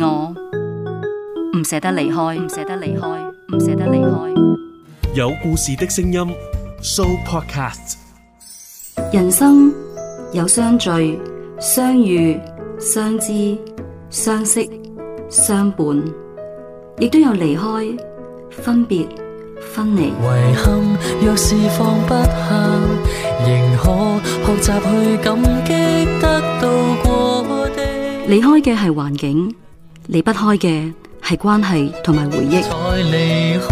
我唔捨得離開，唔捨得離開，唔捨得離開。有故事的聲音，So Podcast。人生有相聚、相遇、相知、相識、相伴，亦都有離開、分別、分離。遺憾，若是放不下，仍可學習去感激得到過的。離開嘅係環境。離不開嘅係關係同埋回憶。離開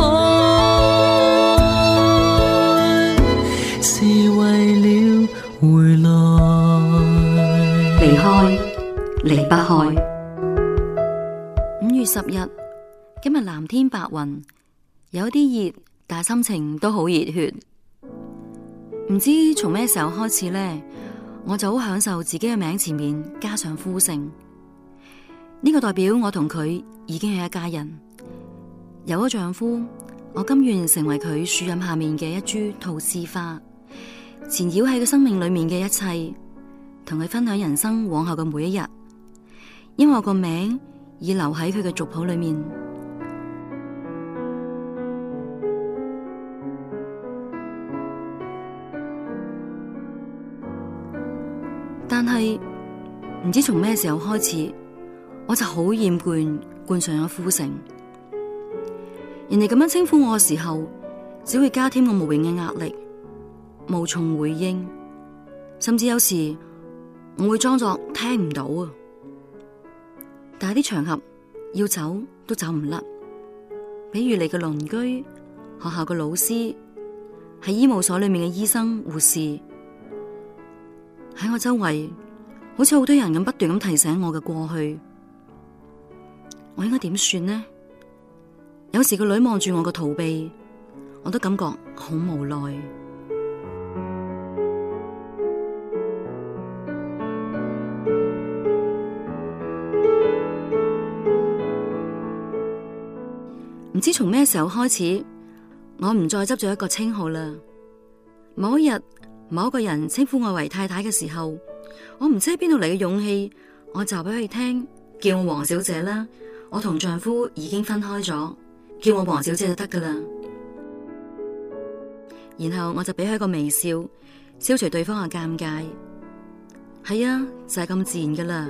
是為了回來。離開離不開。五月十日，今日藍天白雲，有啲熱，但心情都好熱血。唔知從咩時候開始呢，我就好享受自己嘅名前面加上呼稱。呢個代表我同佢已經係一家人，有個丈夫，我甘願成為佢樹蔭下面嘅一株菟絲花，纏繞喺佢生命裏面嘅一切，同佢分享人生往後嘅每一日，因為我個名已留喺佢嘅族譜裏面。但係唔知從咩時候開始。我就好厭倦冠上咗呼聲，人哋咁樣稱呼我嘅時候，只會加添我無形嘅壓力，無從回應，甚至有時我會裝作聽唔到啊！但係啲場合要走都走唔甩，比如你嘅鄰居、學校嘅老師、喺醫務所裏面嘅醫生護士，喺我周圍，好似好多人咁不斷咁提醒我嘅過去。我應該點算呢？有時個女望住我個逃避，我都感覺好無奈。唔 知從咩時候開始，我唔再執咗一個稱號啦。某一日，某一個人稱呼我為太太嘅時候，我唔知喺邊度嚟嘅勇氣，我就俾佢聽叫我黃小姐啦。 我同丈夫已經分開咗，叫我黃小姐就得噶啦。然後我就俾佢一個微笑，消除對方嘅尷尬。係啊，就係咁自然噶啦。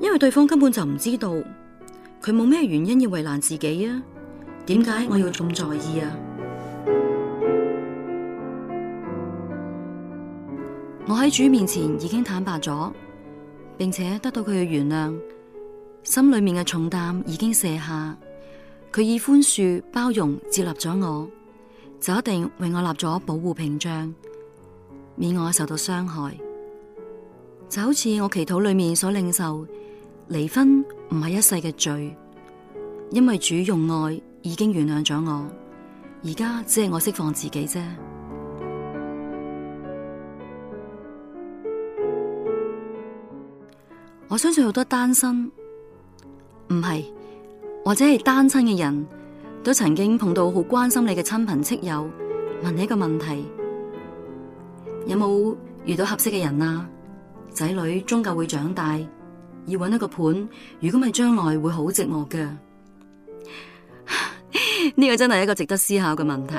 因為對方根本就唔知道佢冇咩原因要為難自己啊。點解我要咁在意啊？我喺主面前已經坦白咗，並且得到佢嘅原諒。心裏面嘅重擔已經卸下，佢以寬恕、包容接納咗我，就一定為我立咗保護屏障，免我受到傷害。就好似我祈禱裏面所領受，離婚唔係一世嘅罪，因為主用愛已經原諒咗我，而家只係我釋放自己啫。我相信好多單身，唔係，或者係單親嘅人都曾經碰到好關心你嘅親朋戚友，問你一個問題：有冇遇到合適嘅人啊？仔女終究會長大，要揾一個伴，如果唔係將來會好寂寞嘅。呢個真係一個值得思考嘅問題。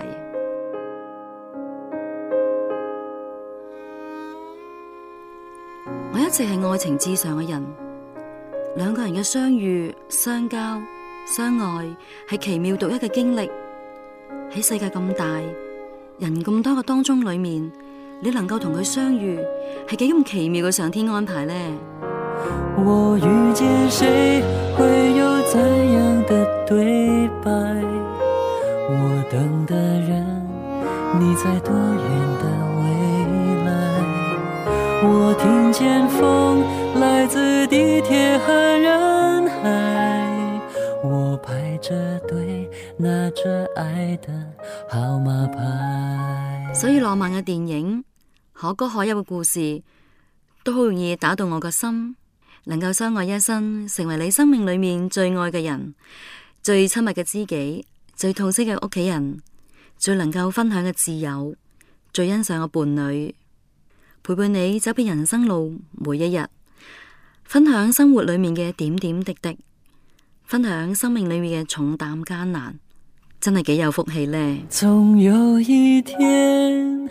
我一直係愛情至上嘅人。兩個人嘅相遇、相交、相愛，係奇妙獨一嘅經歷。喺世界咁大，人咁多個當中裏面，你能夠同佢相遇，係幾咁奇妙嘅上天安排呢？我遇見誰，會有怎樣的對白？我等的人，你在多遠的未來？我聽見風。所以浪漫嘅電影，可歌可泣嘅故事，都好容易打動我個心，能夠相愛一生，成為你生命裏面最愛嘅人，最親密嘅知己，最痛惜嘅屋企人，最能夠分享嘅摯友，最欣賞嘅伴侶，陪伴你走遍人生路每一日，分享生活裏面嘅點點滴滴。分享生命裏面嘅重擔艱難，真係幾有福氣呢。總有一天，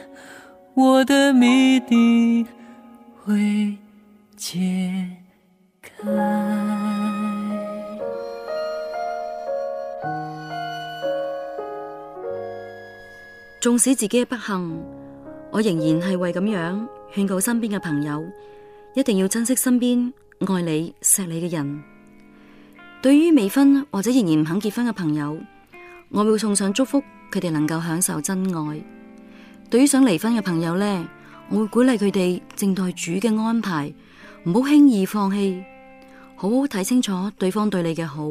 我的謎底會揭開。縱使自己嘅不幸，我仍然係為咁樣勸告身邊嘅朋友，一定要珍惜身邊愛你、錫你嘅人。對於未婚或者仍然唔肯結婚嘅朋友，我會送上祝福，佢哋能夠享受真愛。對於想離婚嘅朋友呢，我會鼓勵佢哋靜待主嘅安排，唔好輕易放棄，好好睇清楚對方對你嘅好。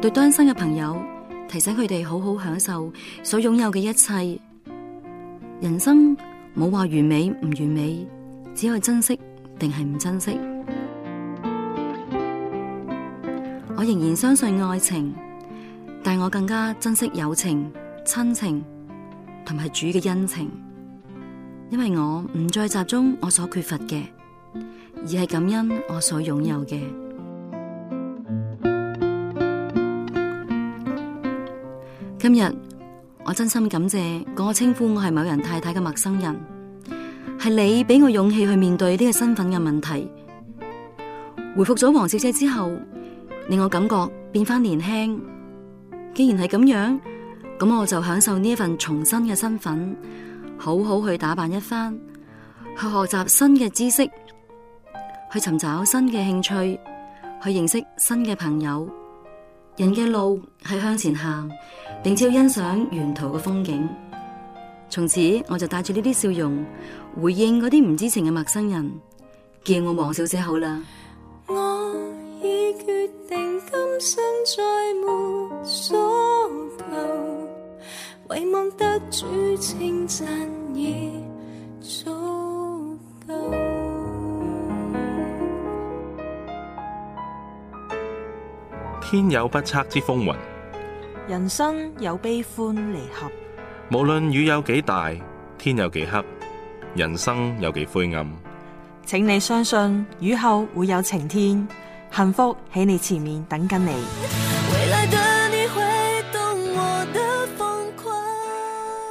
對單身嘅朋友，提醒佢哋好好享受所擁有嘅一切。人生冇話完美唔完美，只係珍惜定係唔珍惜。我仍然相信愛情，但我更加珍惜友情、親情同埋主嘅恩情，因為我唔再集中我所缺乏嘅，而係感恩我所擁有嘅。今日我真心感謝嗰個稱呼我係某人太太嘅陌生人，係你俾我勇氣去面對呢個身份嘅問題。回復咗黃小姐之後。令我感覺變翻年輕，既然係咁樣，咁我就享受呢一份重新嘅身份，好好去打扮一番，去學習新嘅知識，去尋找新嘅興趣，去認識新嘅朋友。人嘅路係向前行，並且欣賞沿途嘅風景。從此我就帶住呢啲笑容回應嗰啲唔知情嘅陌生人，叫我黃小姐好啦。生在沒所求，唯望得主稱讚，已足夠。天有不測之風雲，人生有悲歡離合。無論雨有幾大，天有幾黑，人生有幾灰暗，請你相信，雨後會有晴天。幸福喺你前面等緊你，未來的你會懂我的瘋狂，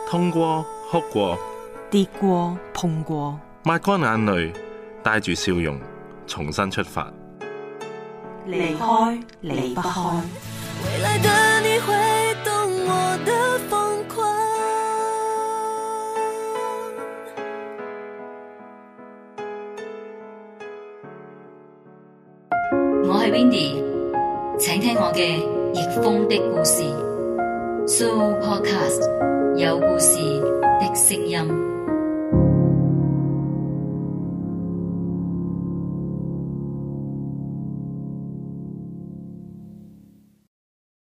痛過哭過，跌過，碰過，抹乾眼淚，帶住笑容，重新出發，離開離不開。未來的你會。聽我嘅逆風的故事，So Podcast 有故事的聲音。